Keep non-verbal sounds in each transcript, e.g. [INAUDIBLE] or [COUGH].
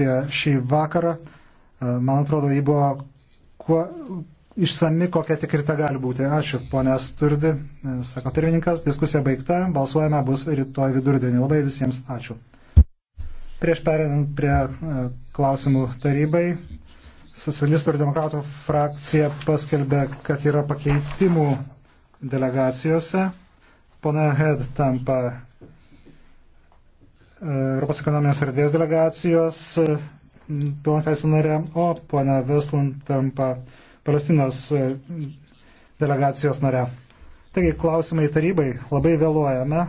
šį vakarą. E, man atrodo, jį buvo kuo išsami, kokia tik ir ta gali būti. Ačiū, ponės Turdi, e, sako pirmininkas, diskusija baigta, balsuojame bus rytoj vidurdienį. Labai visiems ačiū. Prieš perinant prie e, klausimų tarybai, socialistų ir demokratų frakcija paskelbė, kad yra pakeitimų delegacijose. Pone Hed tampa Europos ekonominės erdvės delegacijos pilnateisė narė, o ponia Veslund tampa Palestinos e, delegacijos narė. Taigi klausimai tarybai labai vėluojame.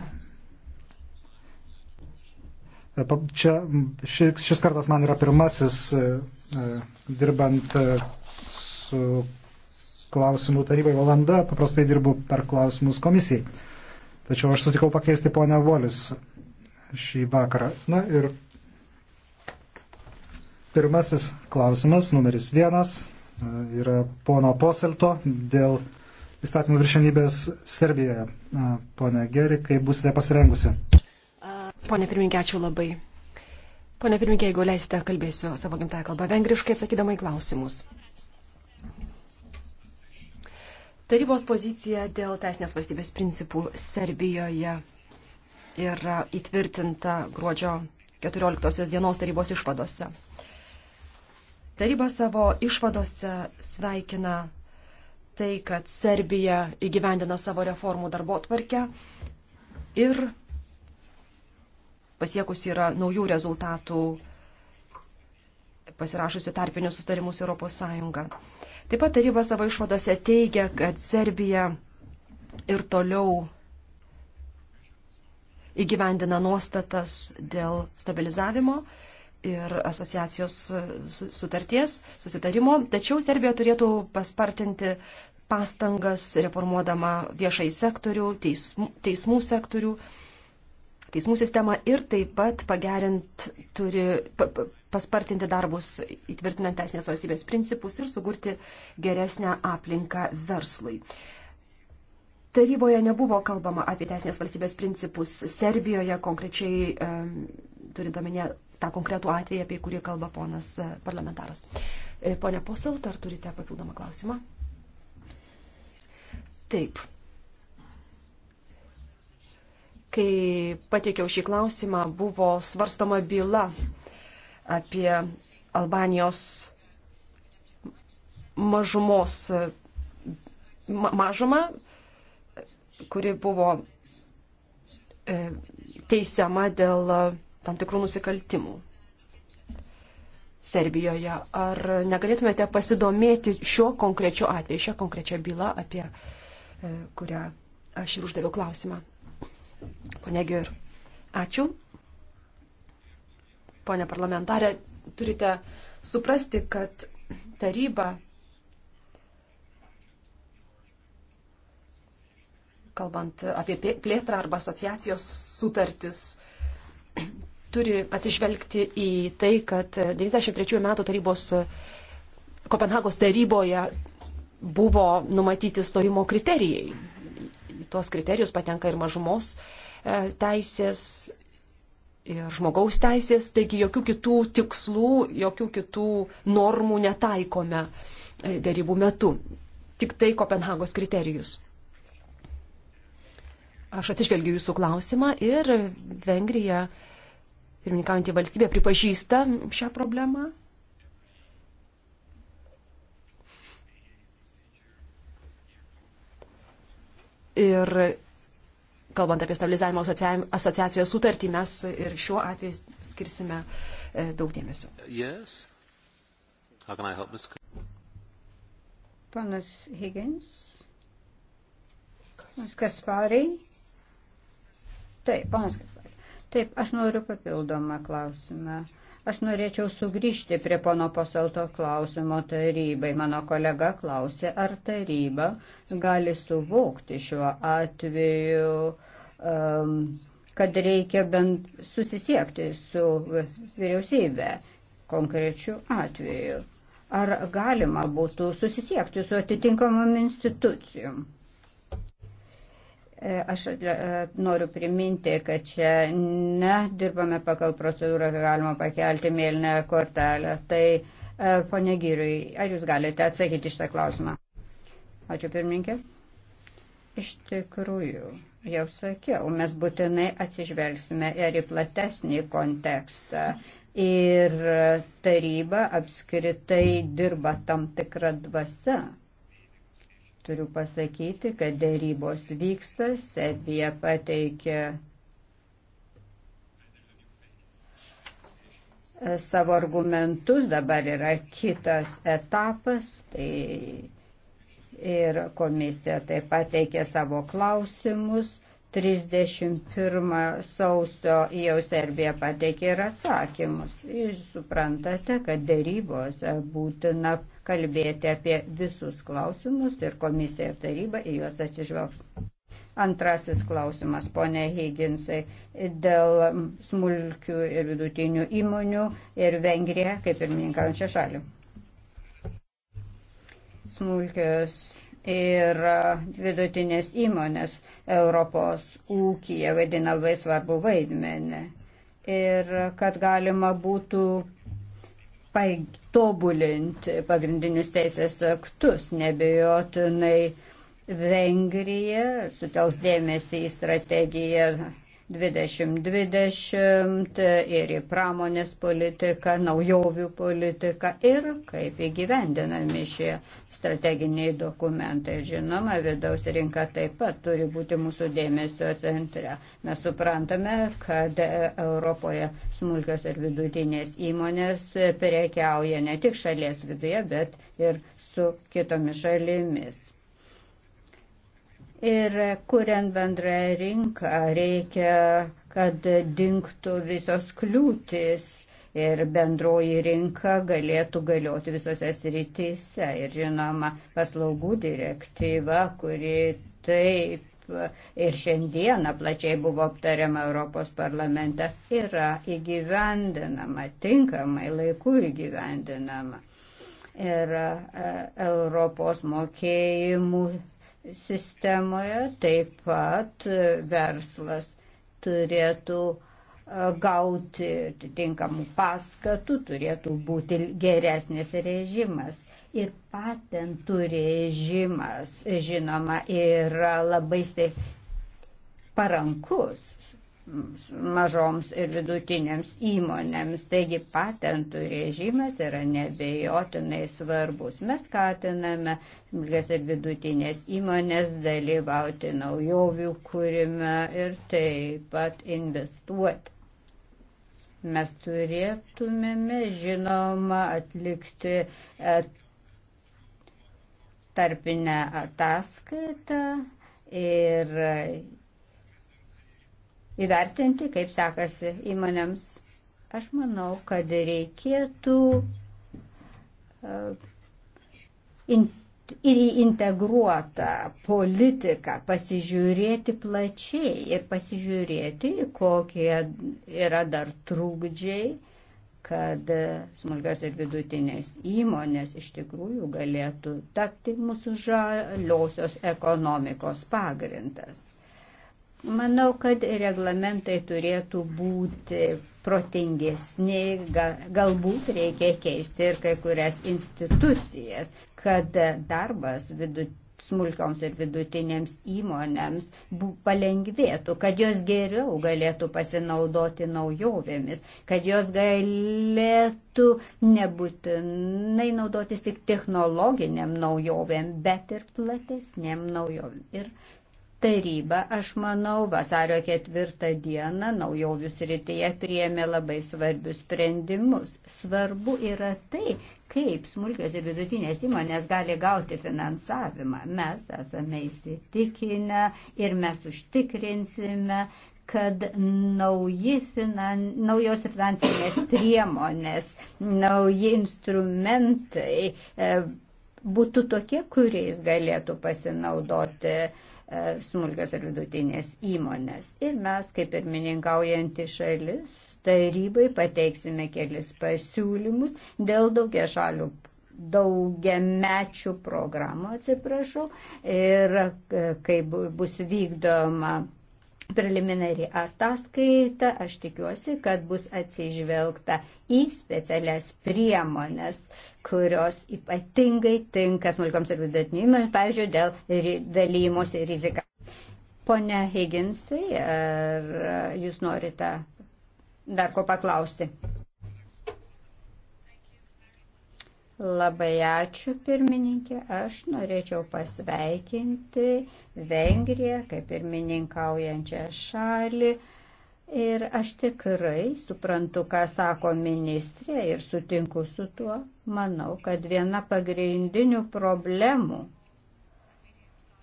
E, čia, šis, šis kartas man yra pirmasis e, dirbant su klausimų tarybai valanda, paprastai dirbu per klausimus komisijai. Tačiau aš sutikau pakeisti ponę Volis šį vakarą. Na ir pirmasis klausimas, numeris vienas, e, yra pono Poselto dėl įstatymų viršenybės Serbijoje. E, pone Geri, kaip būsite pasirengusi? Pone pirmininkė, ačiū labai. Pone pirmininkė, jeigu leisite, kalbėsiu savo gimtąją kalbą vengriškai atsakydama į klausimus. Tarybos pozicija dėl teisinės valstybės principų Serbijoje yra įtvirtinta gruodžio 14 dienos tarybos išvadose. Taryba savo išvadose sveikina tai, kad Serbija įgyvendina savo reformų darbo tvarkę ir pasiekus yra naujų rezultatų pasirašusi tarpinius sutarimus ES. Taip pat taryba savo išvadose teigia, kad Serbija ir toliau įgyvendina nuostatas dėl stabilizavimo ir asociacijos sutarties, susitarimo, tačiau Serbija turėtų paspartinti pastangas reformuodama viešai sektorių, teismų, teismų sektorių, teismų sistemą ir taip pat pagerint turi pa, pa, paspartinti darbus įtvirtinant teisinės valstybės principus ir sugurti geresnę aplinką verslui. Taryboje nebuvo kalbama apie teisinės valstybės principus. Serbijoje konkrečiai e, turint omenyje tą konkretų atvejį, apie kurį kalba ponas e, parlamentaras. E, pone Poselt, ar turite papildomą klausimą? Taip. Kai pateikiau šį klausimą, buvo svarstoma byla apie Albanijos mažumos mažumą kuri buvo e, teisiama dėl e, tam tikrų nusikaltimų Serbijoje. Ar negalėtumėte pasidomėti šiuo konkrečiu atveju, šią konkrečią bylą, apie e, kurią aš ir uždaviau klausimą? Pone Giur, ačiū. Pone parlamentarė, turite suprasti, kad taryba kalbant apie plėtrą arba asociacijos sutartis, turi atsižvelgti į tai, kad 93 metų tarybos Kopenhagos taryboje buvo numatyti stojimo kriterijai. Į tuos kriterijus patenka ir mažumos e, teisės, ir žmogaus teisės, taigi jokių kitų tikslų, jokių kitų normų netaikome e, darybų metu. Tik tai Kopenhagos kriterijus. Aš atsižvelgiu jūsų klausimą ir Vengrija, pirmininkaujantį valstybę, pripažįsta šią problemą. Ir kalbant apie stabilizavimo asociacijos sutartį, mes ir šiuo atveju skirsime e, daug dėmesio. Yes. Panas Higgins. Panas Kaspariai. Taip, panas Taip, aš noriu papildomą klausimą. Aš norėčiau sugrįžti prie pono pasalto klausimo tarybai. Mano kolega klausė, ar taryba gali suvokti šiuo atveju, um, kad reikia bent susisiekti su vyriausybė konkrečiu atveju. Ar galima būtų susisiekti su atitinkamam institucijom? Aš e, noriu priminti, kad čia nedirbame pagal procedūrą, galima pakelti mėlyną kortelę. Tai, e, ponė Gyriui, ar jūs galite atsakyti šitą klausimą? Ačiū pirmininkė. Iš tikrųjų, jau sakiau, mes būtinai atsižvelgsime ir į platesnį kontekstą. Ir taryba apskritai dirba tam tikrą dvasę. Turiu pasakyti, kad dėrybos vyksta, Serbija pateikė e, savo argumentus, dabar yra kitas etapas, tai ir komisija taip pateikė savo klausimus 31 sausio jau Serbija pateikė ir atsakymus. Jūs suprantate, kad darybos būtina kalbėti apie visus klausimus ir komisija ir taryba į juos atsižvelgs. Antrasis klausimas, ponė Higginsai, dėl smulkių ir vidutinių įmonių ir Vengrija kaip pirmininkaujančia šalim. Smulkios ir e, vidutinės įmonės Europos ūkija vaidina labai svarbu vaidmenį. Ir kad galima būtų tobulinti pagrindinius teisės aktus, nebejotinai Vengrija sutels dėmesį į strategiją 2020 ir į pramonės politiką, naujovių politiką ir kaip įgyvendinami šie strateginiai dokumentai. Žinoma, vidaus rinka taip pat turi būti mūsų dėmesio centre. Mes suprantame, kad Europoje smulkios ir vidutinės įmonės prekiauja ne tik šalies viduje, bet ir su kitomis šalimis. Ir kuriant bendrąją rinką reikia, kad dinktų visos kliūtis ir bendroji rinka galėtų galioti visose srityse. Ir žinoma, paslaugų direktyva, kuri taip ir šiandieną plačiai buvo aptariama Europos parlamente, yra įgyvendinama, tinkamai laiku įgyvendinama. Ir e, Europos mokėjimų sistemoje, taip pat verslas turėtų e, gauti tinkamų paskatų, turėtų būti geresnis režimas. Ir patentų režimas, žinoma, yra labai parankus mažoms ir vidutinėms įmonėms. Taigi patentų režimas yra nebejotinai svarbus. Mes skatiname smulkės ir vidutinės įmonės dalyvauti naujovių kūrime ir taip pat investuoti. Mes turėtumėme, žinoma, atlikti e, tarpinę ataskaitą ir įvertinti, kaip sekasi įmonėms. Aš manau, kad reikėtų e, in, ir į integruotą politiką pasižiūrėti plačiai ir pasižiūrėti, kokie yra dar trūkdžiai, kad smulkios ir vidutinės įmonės iš tikrųjų galėtų tapti mūsų žaliosios ekonomikos pagrindas. Manau, kad reglamentai turėtų būti protingesni, galbūt reikia keisti ir kai kurias institucijas, kad darbas vidut, smulkioms ir vidutinėms įmonėms palengvėtų, kad jos geriau galėtų pasinaudoti naujovėmis, kad jos galėtų nebūtinai naudotis tik technologiniam naujovėm, bet ir platesniam naujovėm. Ir taryba, aš manau, vasario ketvirtą dieną naujovių srityje priėmė labai svarbius sprendimus. Svarbu yra tai, kaip smulkios ir vidutinės įmonės gali gauti finansavimą. Mes esame įsitikinę ir mes užtikrinsime, kad nauji finan, naujos finansinės priemonės, nauji instrumentai e, būtų tokie, kuriais galėtų pasinaudoti E, smulkios ir vidutinės įmonės. Ir mes, kaip ir mininkaujanti šalis, tarybai pateiksime kelis pasiūlymus dėl daugia šalių daugiamečių programų, atsiprašau, ir e, kai bus vykdoma preliminari ataskaita, aš tikiuosi, kad bus atsižvelgta į specialias priemonės, kurios ypatingai tinka smulkioms ir vidutinių įmonėms, pavyzdžiui, dėl dalymosi rizika. Pone Higginsai, ar jūs norite dar ko paklausti? Labai ačiū, pirmininkė. Aš norėčiau pasveikinti Vengriją kaip pirmininkaujančią šalį. Ir aš tikrai suprantu, ką sako ministrė ir sutinku su tuo. Manau, kad viena pagrindinių problemų,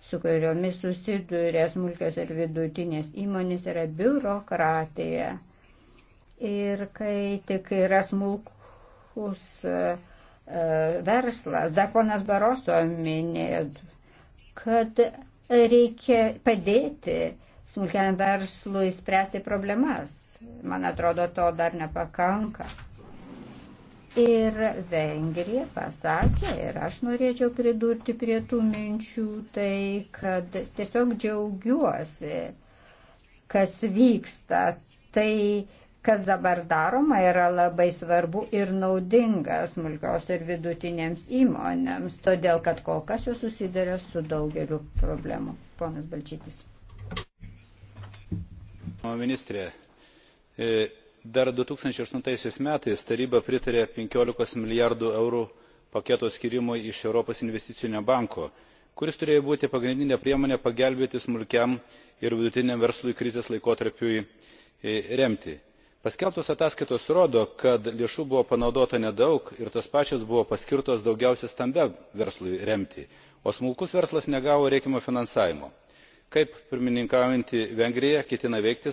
su kuriomis susiduria smulkios ir vidutinės įmonės, yra biurokratija. Ir kai tik yra smulkus e, e, verslas, dar ponas Baroso minėjo, kad reikia padėti smulkiam verslui spręsti problemas. Man atrodo, to dar nepakanka. Ir Vengrija pasakė, ir aš norėčiau pridurti prie tų minčių, tai kad tiesiog džiaugiuosi, kas vyksta. Tai, kas dabar daroma, yra labai svarbu ir naudinga smulkios ir vidutinėms įmonėms, todėl kad kol kas jos susiduria su daugeliu problemų. Ponas Balčytis. Ministrė, e, dar 2008 metais taryba pritarė 15 milijardų eurų paketo skirimui iš Europos investicinio banko, kuris turėjo būti pagrindinė priemonė pagelbėti smulkiam ir vidutiniam verslui krizės laikotarpiui e, remti. Paskelbtos ataskaitos rodo, kad lėšų buvo panaudota nedaug ir tos pačios buvo paskirtos daugiausia stambiam verslui remti, o smulkus verslas negavo reikiamo finansavimo kaip pirmininkaujanti vengrija ketina veikti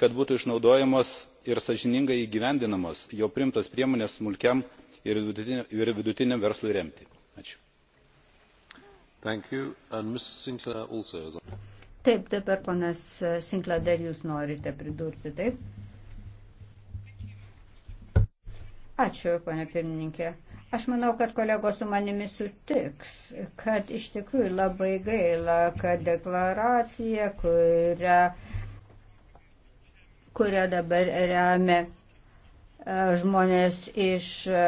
kad būtų išnaudojamos ir sąžiningai įgyvendinamos jau priimtos priemonės smulkiam ir vidutiniam verslui remti. Taip, dabar ponas Sinkla, dar jūs norite pridurti, taip? Ačiū, ponė pirmininkė. Aš manau, kad kolegos su manimi sutiks, kad iš tikrųjų labai gaila, kad deklaracija, kurią, kurią dabar remia e, žmonės iš e,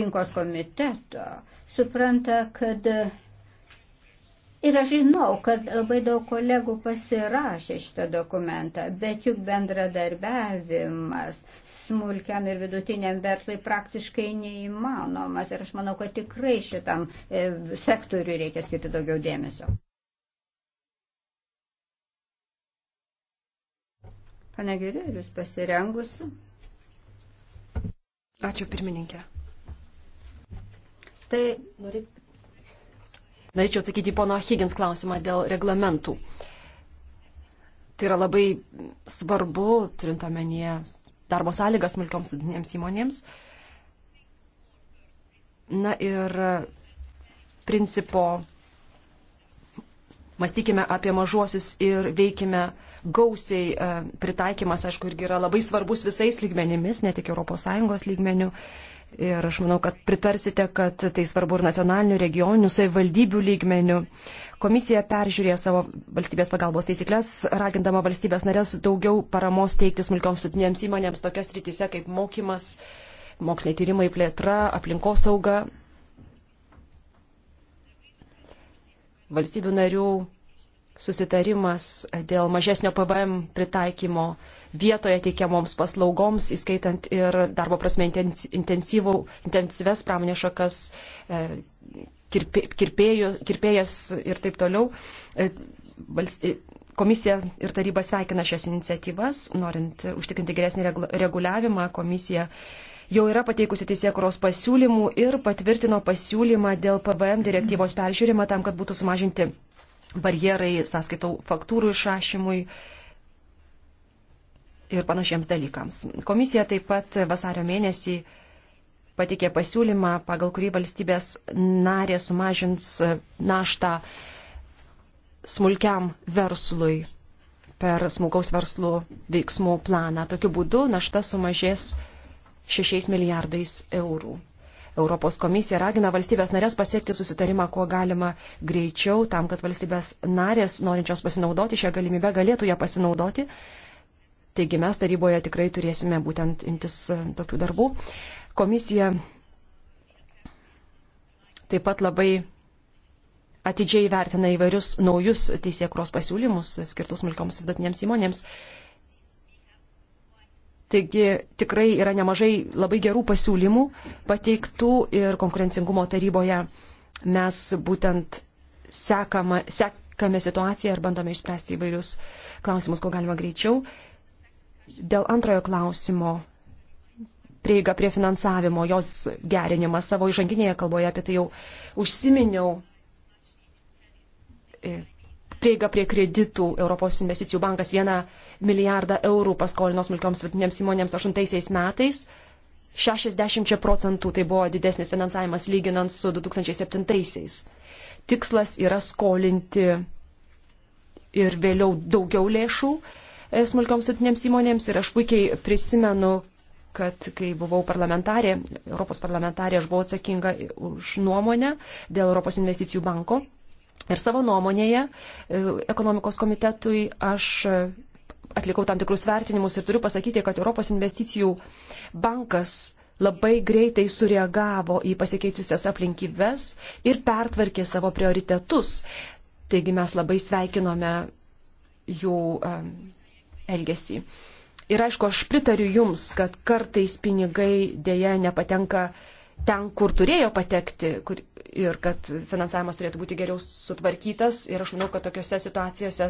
rinkos komiteto, supranta, kad Ir aš žinau, kad labai daug kolegų pasirašė šitą dokumentą, bet juk bendradarbiavimas smulkiam ir vidutiniam verslui praktiškai neįmanomas. Ir aš manau, kad tikrai šitam e, sektoriui reikia skirti daugiau dėmesio. Pane Giri, ar jūs pasirengusi? Ačiū pirmininkė. Tai norėčiau Norėčiau atsakyti į pono Higgins klausimą dėl reglamentų. Tai yra labai svarbu, turint omenyje darbo sąlygas smulkioms sudinėms įmonėms. Na ir principo mąstykime apie mažuosius ir veikime gausiai e, pritaikymas, aišku, irgi yra labai svarbus visais lygmenimis, ne tik ES lygmenių. Ir aš manau, kad pritarsite, kad tai svarbu ir nacionalinių, regioninių, savivaldybių lygmenių. Komisija peržiūrėjo savo valstybės pagalbos taisyklės, ragindama valstybės narės daugiau paramos teikti smulkioms sutinėms įmonėms tokias rytise kaip mokymas, moksliniai tyrimai, plėtra, aplinkosauga. Valstybių narių susitarimas dėl mažesnio PVM pritaikymo vietoje teikiamoms paslaugoms, įskaitant ir darbo prasme intensyves pramonės šakas, e, kirpėjų, kirpėjas ir taip toliau. E, e, komisija ir taryba sveikina šias iniciatyvas, norint užtikrinti geresnį reguliavimą. Komisija jau yra pateikusi teisėkuros pasiūlymų ir patvirtino pasiūlymą dėl PVM direktyvos peržiūrimą tam, kad būtų sumažinti barjerai sąskaitau faktūrų išrašymui ir panašiems dalykams. Komisija taip pat vasario mėnesį patikė pasiūlymą, pagal kurį valstybės narė sumažins naštą smulkiam verslui per smulkaus verslo veiksmų planą. Tokiu būdu našta sumažės 6 milijardais eurų. Europos komisija ragina valstybės narės pasiekti susitarimą kuo galima greičiau, tam, kad valstybės narės, norinčios pasinaudoti šią galimybę, galėtų ją pasinaudoti. Taigi mes taryboje tikrai turėsime būtent imtis e, tokių darbų. Komisija taip pat labai atidžiai vertina įvairius naujus teisėkros pasiūlymus skirtus smulkioms vidutinėms įmonėms. įmonėms Taigi tikrai yra nemažai labai gerų pasiūlymų pateiktų ir konkurencingumo taryboje mes būtent sekama, sekame situaciją ir bandome išspręsti įvairius klausimus, ko galima greičiau. Dėl antrojo klausimo prieiga prie finansavimo, jos gerinimas savo įžanginėje kalboje apie tai jau užsiminiau e, prieiga prie kreditų. Europos investicijų bankas 1 milijardą eurų paskolino smulkioms vidutinėms įmonėms 8 metais. 60 procentų tai buvo didesnis finansavimas lyginant su 2007. -aisiais. Tikslas yra skolinti ir vėliau daugiau lėšų e, smulkioms vidutinėms įmonėms ir aš puikiai prisimenu, kad kai buvau parlamentarė, Europos parlamentarė, aš buvau atsakinga už nuomonę dėl Europos investicijų banko Ir savo nuomonėje e, ekonomikos komitetui aš e, atlikau tam tikrus vertinimus ir turiu pasakyti, kad Europos investicijų bankas labai greitai sureagavo į pasikeitusias aplinkybės ir pertvarkė savo prioritetus. Taigi mes labai sveikinome jų um, elgesį. Ir aišku, aš pritariu Jums, kad kartais pinigai dėja nepatenka uh, ten, kur turėjo patekti kur, ir kad finansavimas turėtų būti geriau sutvarkytas. Ir aš manau, kad tokiuose situacijose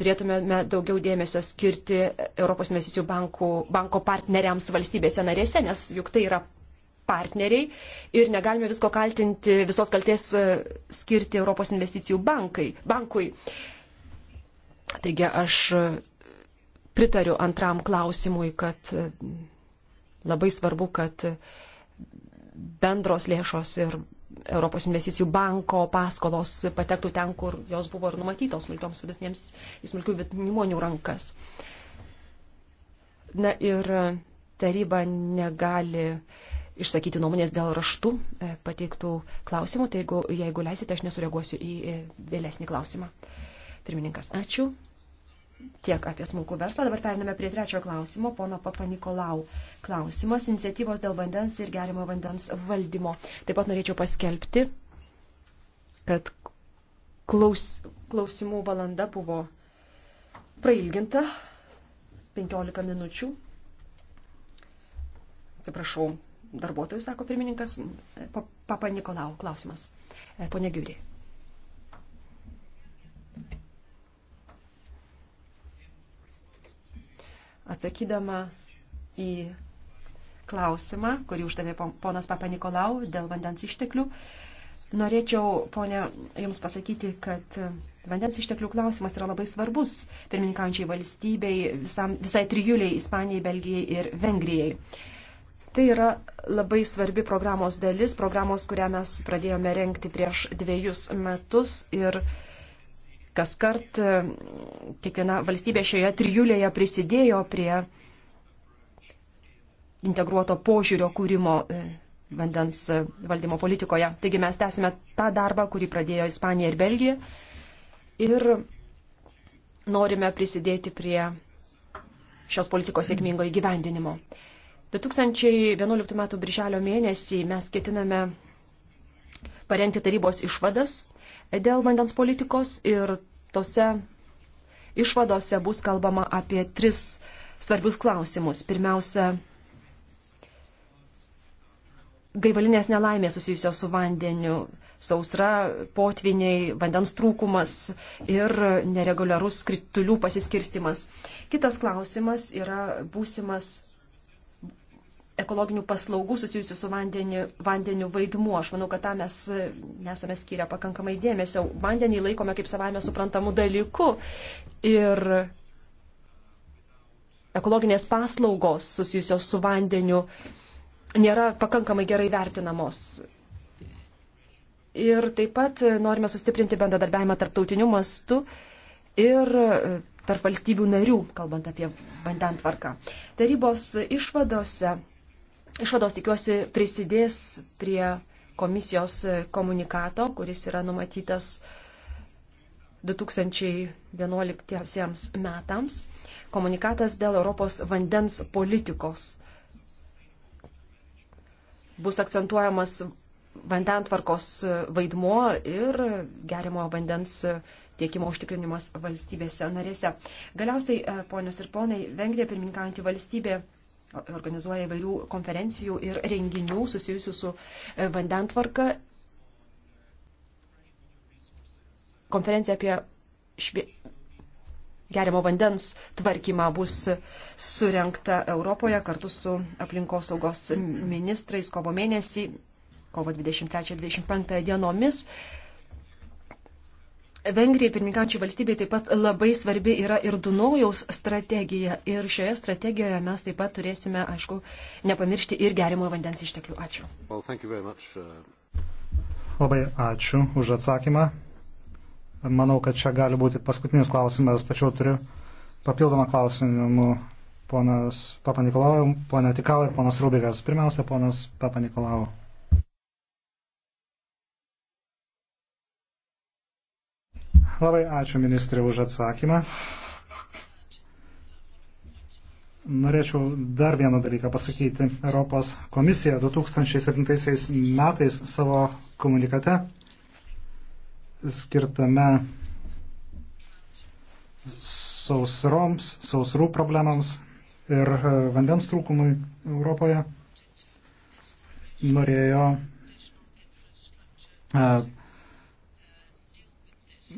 turėtumėme daugiau dėmesio skirti Europos investicijų bankų, banko partneriams valstybėse narėse, nes juk tai yra partneriai ir negalime visko kaltinti, visos kalties e, skirti Europos investicijų bankai, bankui. Taigi aš e, pritariu antram klausimui, kad e, labai svarbu, kad uh, bendros lėšos ir Europos investicijų banko paskolos patektų ten, kur jos buvo ir numatytos smulkioms vidutinėms į smulkių įmonių rankas. Na ir taryba negali išsakyti nuomonės dėl raštų e, pateiktų klausimų, tai jeigu, jeigu leisite, aš nesureaguosiu į e, vėlesnį klausimą. Pirmininkas, ačiū tiek apie smulkų verslą. Dabar periname prie trečio klausimo. Pono Papa Nikolau klausimas. Iniciatyvos dėl vandens ir gerimo vandens valdymo. Taip pat norėčiau paskelbti, kad klaus, klausimų valanda buvo prailginta 15 minučių. Atsiprašau, darbuotojų, sako pirmininkas. Papa Nikolau klausimas. E, pone Giurė. atsakydama į klausimą, kurį uždavė ponas Papa Nikolau dėl vandens išteklių. Norėčiau, ponė, Jums pasakyti, kad e, vandens išteklių klausimas yra labai svarbus pirmininkaujančiai valstybei, visam, visai trijuliai Ispanijai, Belgijai ir Vengrijai. Tai yra labai svarbi programos dalis, programos, kurią mes pradėjome renkti prieš dviejus metus ir Kas kart e, kiekviena valstybė šioje trijulėje prisidėjo prie integruoto požiūrio kūrimo e, vandens e, valdymo politikoje. Taigi mes tęsime tą darbą, kurį pradėjo Ispanija ir Belgija. Ir norime prisidėti prie šios politikos sėkmingo įgyvendinimo. 2011 m. birželio mėnesį mes ketiname parengti tarybos išvadas dėl vandens politikos ir tose išvadose bus kalbama apie tris svarbius klausimus. Pirmiausia, gaivalinės nelaimės susijusios su vandeniu, sausra, potviniai, vandens trūkumas ir nereguliarus kritulių pasiskirstimas. Kitas klausimas yra būsimas ekologinių paslaugų susijusių su vandeniu, vandeniu vaidmuo. Aš manau, kad tą mes e, nesame skyrę pakankamai dėmesio. Vandenį laikome kaip savame suprantamų dalykų ir ekologinės paslaugos susijusios su vandeniu nėra pakankamai gerai vertinamos. Ir taip pat e, norime sustiprinti bendradarbiavimą tarptautiniu mastu ir e, tarp valstybių narių, kalbant apie vandentvarką. Tarybos išvadose išvados tikiuosi prisidės prie komisijos komunikato, kuris yra numatytas 2011 metams. Komunikatas dėl Europos vandens politikos bus akcentuojamas vandentvarkos vaidmuo ir gerimo vandens tiekimo užtikrinimas valstybėse narėse. Galiausiai, e, ponios ir ponai, Vengrija pirmininkaujantį valstybę organizuoja įvairių konferencijų ir renginių susijusių su e, vandentvarka. Konferencija apie švie... geriamo vandens tvarkymą bus surenkta Europoje kartu su aplinkosaugos ministrais kovo mėnesį, kovo 23-25 dienomis. Vengrijai pirmininkančiai valstybei taip pat labai svarbi yra ir Dunojaus strategija. Ir šioje strategijoje mes taip pat turėsime, aišku, nepamiršti ir gerimojo vandens išteklių. Ačiū. Well, much, uh... Labai ačiū už atsakymą. Manau, kad čia gali būti paskutinis klausimas, tačiau turiu papildomą klausimą ponas Papanikolau, ponia Tikau ir ponas Rubikas. Pirmiausia, ponas Papanikolau. Labai ačiū ministrė už atsakymą. Norėčiau dar vieną dalyką pasakyti. Europos komisija 2007 metais savo komunikate skirtame sausroms, sausrų problemams ir e, vandens trūkumui Europoje norėjo e,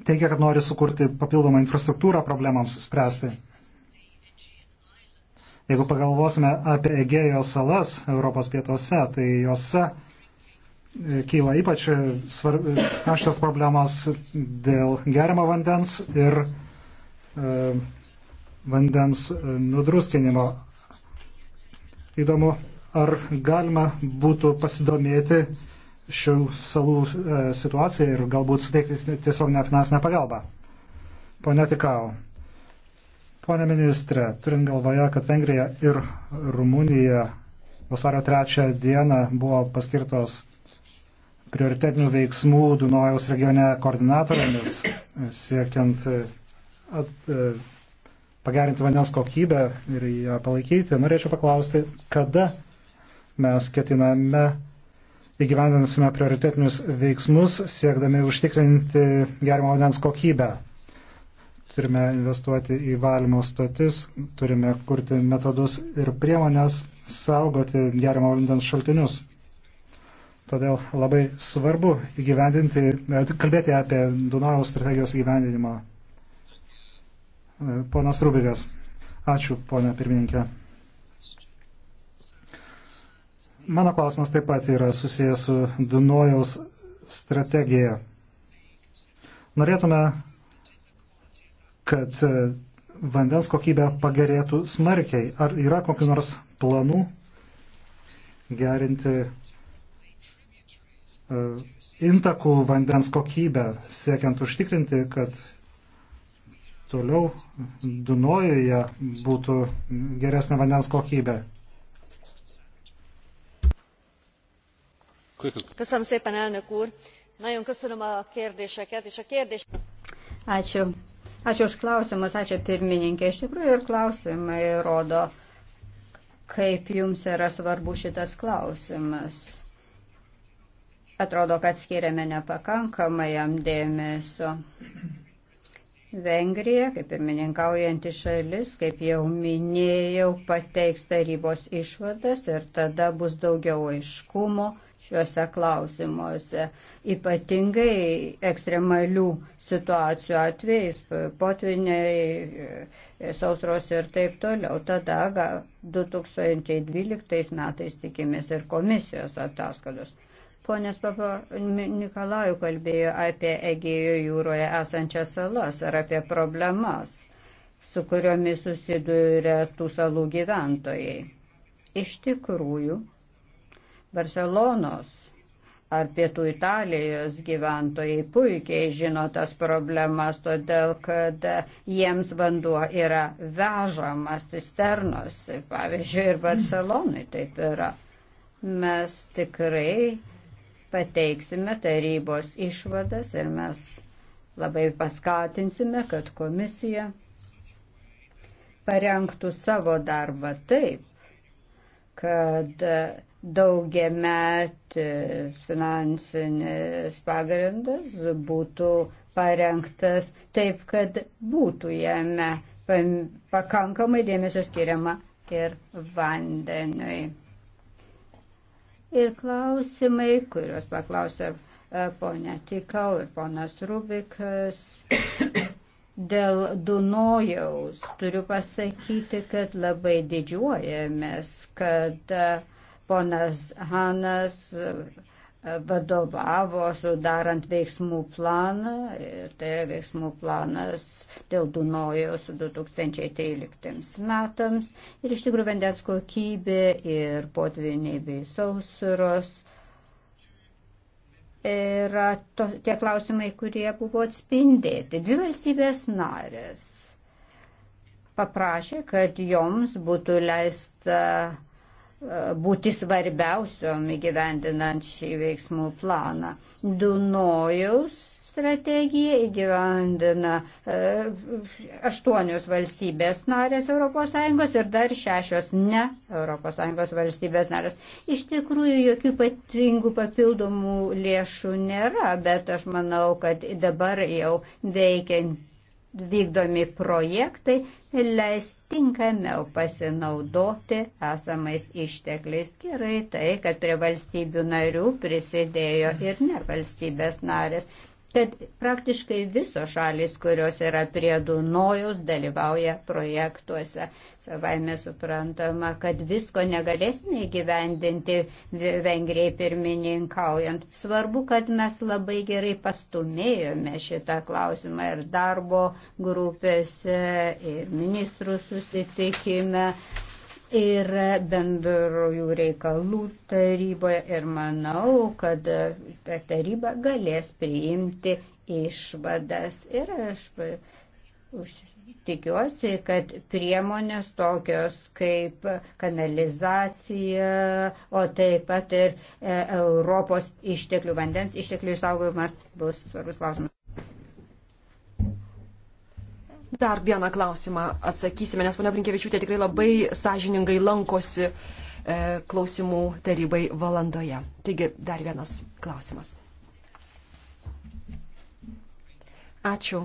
teigia, kad nori sukurti papildomą infrastruktūrą problemams spręsti. Jeigu pagalvosime apie Egėjo salas Europos pietuose, tai juose e, kyla ypač e, aštrios e, problemos dėl gerimo vandens ir e, vandens nudruskinimo. Įdomu, ar galima būtų pasidomėti šių salų e, situaciją ir galbūt suteikti tiesiog ne finansinę pagalbą. Pone Tikau, pone ministrė, turint galvoje, kad Vengrija ir Rumunija vasario trečią dieną buvo paskirtos prioritetinių veiksmų Dunojaus regione koordinatorėmis, siekiant e, at, e, pagerinti vandens kokybę ir ją palaikyti, norėčiau paklausti, kada mes ketiname įgyvendinsime prioritetinius veiksmus, siekdami užtikrinti gerimo vandens kokybę. Turime investuoti į valymo stotis, turime kurti metodus ir priemonės saugoti gerimo vandens šaltinius. Todėl labai svarbu įgyvendinti, kalbėti apie Dunojaus strategijos įgyvendinimą. Ponas Rubikas. Ačiū, ponia pirmininkė. Mano klausimas taip pat yra susijęs su Dunojaus strategija. Norėtume, kad e, vandens kokybė pagerėtų smarkiai. Ar yra kokiu nors planų gerinti uh, intakų vandens kokybę, siekiant užtikrinti, kad toliau Dunojuje būtų geresnė vandens kokybė? Nagyon köszönöm a kérdéseket, és a kérdés... Ačiū. Ačiū už klausimus, ačiū pirmininkė. Iš tikrųjų ir klausimai rodo, kaip jums yra svarbu šitas klausimas. Atrodo, kad skiriame nepakankamai jam dėmesio. Vengrija, kaip ir mininkaujanti šalis, kaip jau minėjau, pateiks tarybos išvadas ir tada bus daugiau aiškumo šiuose klausimuose, ypatingai ekstremalių situacijų atvejais, potviniai, e, sausros ir taip toliau. Tada 2012 metais tikimės ir komisijos ataskatos. Ponės Papa Nikolaju kalbėjo apie Egėjo jūroje esančias salas ar apie problemas, su kuriomis susiduria tų salų gyventojai. Iš tikrųjų, Barcelonos ar pietų Italijos gyventojai puikiai žino tas problemas, todėl kad jiems vanduo yra vežamas cisternos, pavyzdžiui, ir Barcelonai taip yra. Mes tikrai pateiksime tarybos išvadas ir mes labai paskatinsime, kad komisija parengtų savo darbą taip, kad daugiametis finansinis pagrindas būtų parengtas taip, kad būtų jame pakankamai dėmesio skiriama ir vandeniui. Ir klausimai, kuriuos paklausė e, ponia Tikau ir ponas Rubikas, [COUGHS] dėl Dunojaus turiu pasakyti, kad labai didžiuojamės, kad uh, Ponas Hanas e, vadovavo sudarant veiksmų planą, tai yra veiksmų planas dėl Dunojaus 2013 metams ir iš tikrųjų vandens kokybė ir potviniai bei sausuros yra to, tie klausimai, kurie buvo atspindėti. Dvi valstybės narės paprašė, kad joms būtų leista būti svarbiausiom įgyvendinant šį veiksmų planą. Dunojaus strategiją įgyvendina e, aštuonios valstybės narės ES ir dar šešios ne ES valstybės narės. Iš tikrųjų, jokių ypatingų papildomų lėšų nėra, bet aš manau, kad dabar jau veikiant vykdomi projektai leis tinkamiau pasinaudoti esamais ištekliais. Gerai tai, kad prie valstybių narių prisidėjo ir ne valstybės narės kad praktiškai visos šalis, kurios yra prie Dunojus, dalyvauja projektuose. Savaime suprantama, kad visko negalėsime įgyvendinti Vengrijai pirmininkaujant. Svarbu, kad mes labai gerai pastumėjome šitą klausimą ir darbo grupėse, ir ministrų susitikime ir bendrojų reikalų taryboje ir manau, kad taryba galės priimti išvadas. Ir aš tikiuosi, kad priemonės tokios kaip kanalizacija, o taip pat ir e, Europos išteklių, vandens išteklių išsaugojimas bus svarbus klausimas. Dar vieną klausimą atsakysime, nes ponia Blinkevičiūtė tikrai labai sąžiningai lankosi e, klausimų tarybai valandoje. Taigi dar vienas klausimas. Ačiū.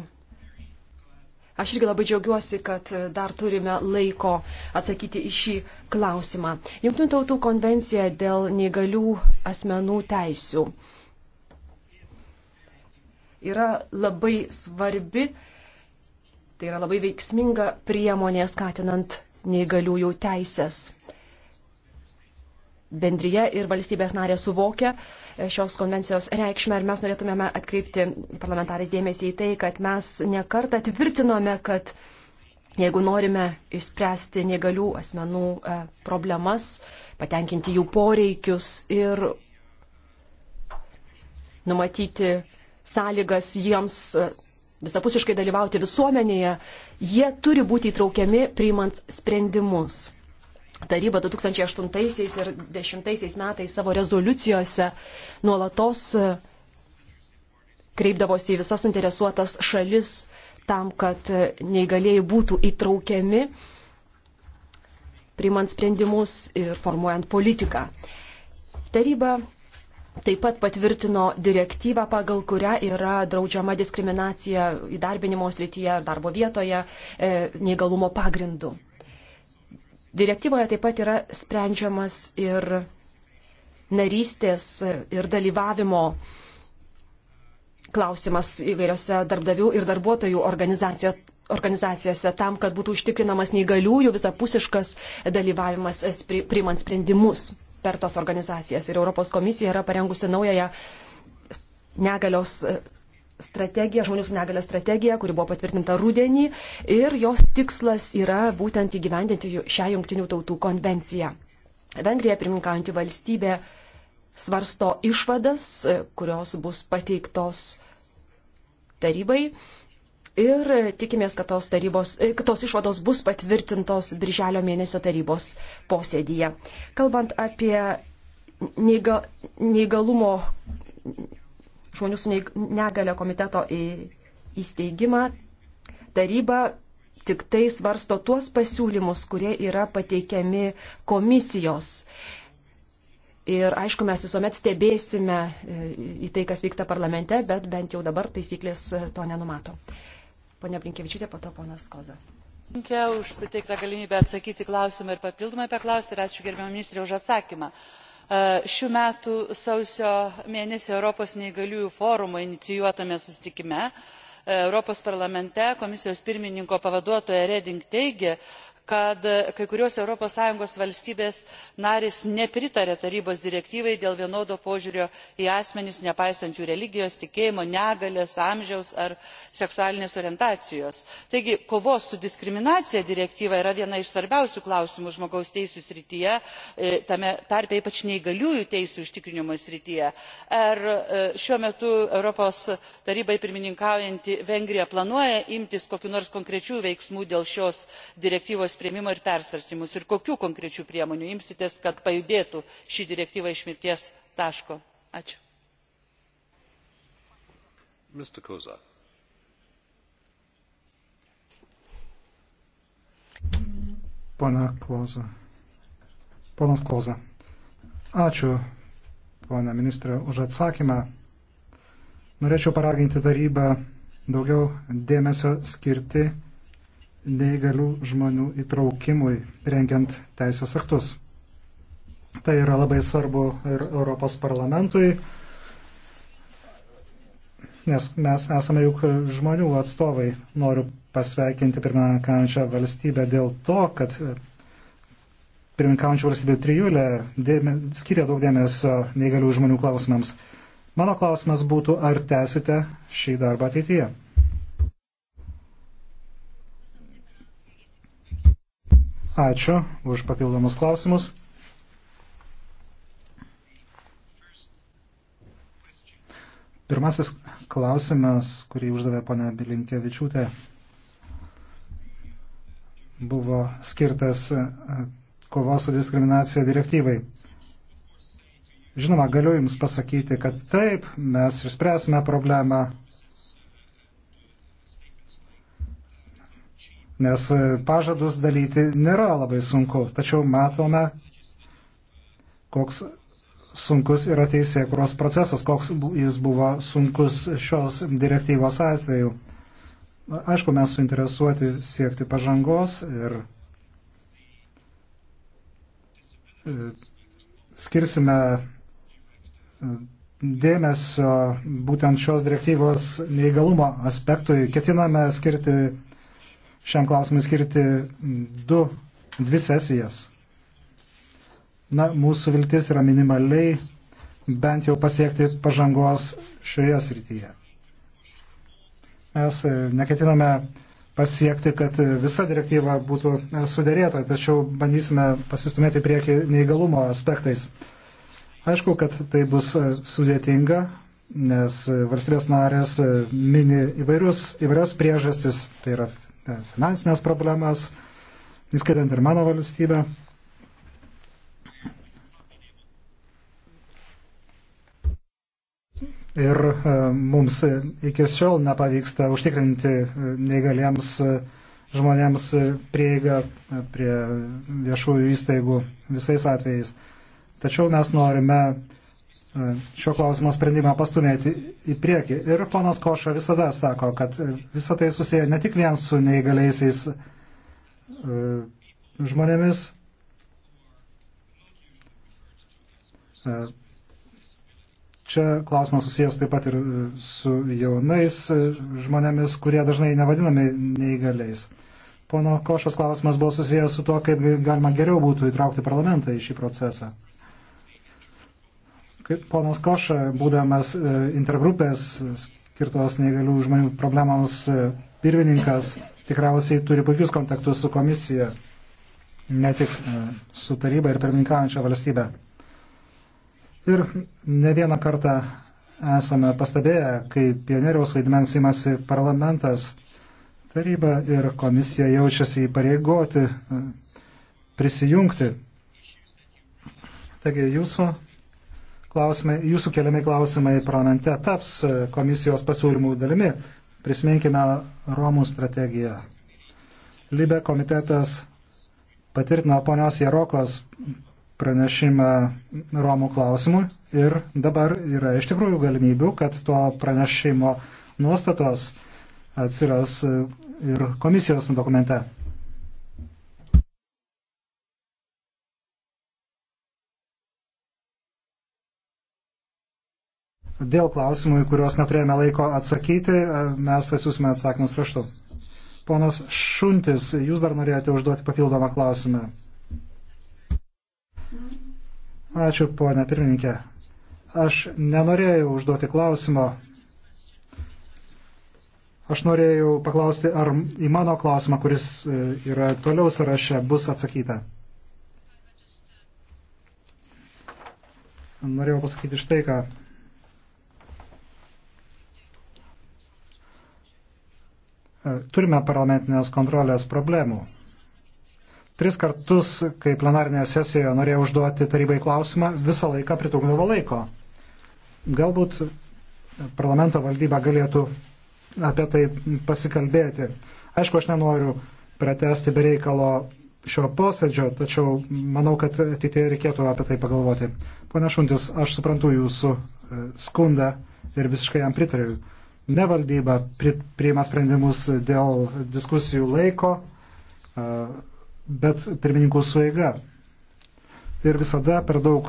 Aš irgi labai džiaugiuosi, kad dar turime laiko atsakyti į šį klausimą. Junktinių tautų konvencija dėl neįgalių asmenų teisių yra labai svarbi Tai yra labai veiksminga priemonė skatinant neįgaliųjų teisės. Bendryje ir valstybės narė suvokia e, šios konvencijos reikšmę ir mes norėtumėme atkreipti parlamentarės dėmesį į tai, kad mes nekartą tvirtinome, kad jeigu norime išspręsti negalių asmenų e, problemas, patenkinti jų poreikius ir numatyti sąlygas jiems e, visapusiškai dalyvauti visuomenėje, jie turi būti įtraukiami priimant sprendimus. Taryba 2008 ir 2010 metais savo rezoliucijose nuolatos e, kreipdavosi į visas suinteresuotas šalis tam, kad e, neįgalėjai būtų įtraukiami, priimant sprendimus ir formuojant politiką. Taryba taip pat patvirtino direktyvą, pagal kurią yra draudžiama diskriminacija įdarbinimo srityje, darbo vietoje, e, neįgalumo pagrindu. Direktyvoje taip pat yra sprendžiamas ir narystės e, ir dalyvavimo klausimas įvairiose darbdavių ir darbuotojų organizacijose tam, kad būtų užtikrinamas neįgaliųjų visapusiškas dalyvavimas e, priimant sprendimus per tas organizacijas. Ir Europos komisija yra parengusi naująją negalios e, strategija, žmonių su negale strategija, kuri buvo patvirtinta rudenį ir jos tikslas yra būtent įgyvendinti šią jungtinių tautų konvenciją. Vengrija pirmininkaujantį valstybę svarsto išvadas, e, kurios bus pateiktos tarybai ir tikimės, kad tos, tarybos, e, kad tos išvados bus patvirtintos birželio mėnesio tarybos posėdyje. Kalbant apie neįga, neįgalumo žmonių su negalio komiteto įsteigimą, taryba tik tai svarsto tuos pasiūlymus, kurie yra pateikiami komisijos. Ir aišku, mes visuomet stebėsime e, į tai, kas vyksta parlamente, bet bent jau dabar taisyklės to nenumato. Pone Blinkevičiūtė, po to ponas Koza. Linkė už suteiktą galimybę atsakyti klausimą ir papildomai paklausti ir ačiū gerbiamą ministrį už atsakymą e, šių metų sausio mėnesį europos neįgaliųjų forumo inicijuotame susitikime e, europos parlamente komisijos pirmininko pavaduotoja reding teigė kad e, kai kurios europos sąjungos valstybės narės nepritaria tarybos direktyvai dėl vienodo požiūrio į asmenis nepaisant jų religijos tikėjimo negalios amžiaus ar seksualinės orientacijos. taigi kovos su diskriminacija direktyva yra viena iš svarbiausių klausimų žmogaus teisių srityje e, tame tarpe ypač neįgaliųjų teisių užtikrinimo srityje. ar e, šiuo metu europos tarybai pirmininkaujanti vengrija planuoja imtis kokių nors konkrečių veiksmų dėl šios direktyvos direktyvos priėmimo ir persvarstymus ir kokių konkrečių priemonių imsitės kad pajudėtų ši direktyva iš mirties taško? Ponas Kloza. Ačiū, ponia ministrė, už atsakymą. Norėčiau paraginti tarybą daugiau dėmesio skirti neįgalių žmonių įtraukimui, rengiant teisės aktus. Tai yra labai svarbu ir Europos parlamentui, nes mes esame juk žmonių atstovai. Noriu pasveikinti pirmininkaujančią valstybę dėl to, kad pirmininkaujančių valstybių trijulė dėme, skiria daug dėmesio neįgalių žmonių klausimams. Mano klausimas būtų, ar tęsite šį darbą ateityje? Ačiū už papildomus klausimus. Pirmasis klausimas, kurį uždavė ponia Bilinkievičiūtė, buvo skirtas e, kovos su diskriminacija direktyvai. Žinoma, galiu Jums pasakyti, kad taip, mes išspręsime problemą nes e, pažadus dalyti nėra labai sunku. Tačiau matome, koks sunkus yra teisėkuros procesas, koks jis buvo sunkus šios direktyvos atveju. Aišku, mes suinteresuoti siekti pažangos ir e, skirsime e, dėmesio būtent šios direktyvos neįgalumo aspektui. Ketiname skirti šiam klausimui skirti du, dvi sesijas. Na, mūsų viltis yra minimaliai bent jau pasiekti pažangos šioje srityje. Mes e, neketiname pasiekti, kad visa direktyva būtų e, sudėrėta, tačiau bandysime pasistumėti prieki neįgalumo aspektais. Aišku, kad tai bus e, sudėtinga, nes valstybės narės mini įvairius, įvairias priežastis, tai yra E, finansinės problemas, įskaitant ir mano valstybę. Ir e, mums iki šiol nepavyksta užtikrinti e, neįgaliems žmonėms prieigą prie viešųjų įstaigų visais atvejais. Tačiau mes norime E, šio klausimo sprendimą pastumėti į priekį. Ir ponas Koša visada sako, kad visą tai susiję ne tik vien su neįgaliaisiais e, žmonėmis. E, čia klausimas susijęs taip pat ir su jaunais žmonėmis, kurie dažnai nevadinami neįgaliais. Pono Košas klausimas buvo susijęs su tuo, kaip galima geriau būtų įtraukti parlamentą į šį procesą ponas Koša, būdamas e, intergrupės skirtos neįgalių žmonių problemams e, pirmininkas, tikriausiai turi puikius kontaktus su komisija, ne tik e, su taryba ir pirmininkaujančia valstybe. Ir ne vieną kartą esame pastebėję, kai pionieriaus vaidmens įmasi parlamentas, taryba ir komisija jaučiasi įpareigoti prisijungti. Taigi jūsų klausimai, jūsų keliami klausimai parlamente taps e, komisijos pasiūlymų dalimi. Prisiminkime Romų strategiją. Libe komitetas patvirtino ponios Jarokos pranešimą Romų klausimų ir dabar yra iš tikrųjų galimybių, kad to pranešimo nuostatos atsiras e, ir komisijos dokumente. Dėl klausimų, į kuriuos neturėjome laiko atsakyti, e, mes atsiūsime atsakymus raštu. Ponas Šuntis, jūs dar norėjote užduoti papildomą klausimą. Ačiū, ponė pirmininkė. Aš nenorėjau užduoti klausimo. Aš norėjau paklausti, ar į mano klausimą, kuris e, yra toliau sąraše, bus atsakyta. Norėjau pasakyti štai ką. turime parlamentinės kontrolės problemų. Tris kartus, kai plenarinėje sesijoje norėjau užduoti tarybai klausimą, visą laiką pritrūkdavo laiko. Galbūt parlamento valdyba galėtų apie tai pasikalbėti. Aišku, aš nenoriu pratesti bereikalo šio posėdžio, tačiau manau, kad ateitie reikėtų apie tai pagalvoti. Pone Šuntis, aš suprantu jūsų e, skundą ir visiškai jam pritariu ne valdyba priima sprendimus dėl diskusijų laiko, bet pirmininkų sueiga. Ir visada per daug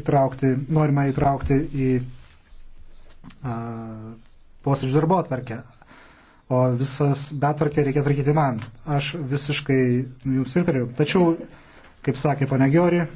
įtraukti, norima įtraukti į posėdžių darbo atvarkę. O visas betvarkė reikia tvarkyti man. Aš visiškai jums pritariu. Tačiau, kaip sakė ponia Giori,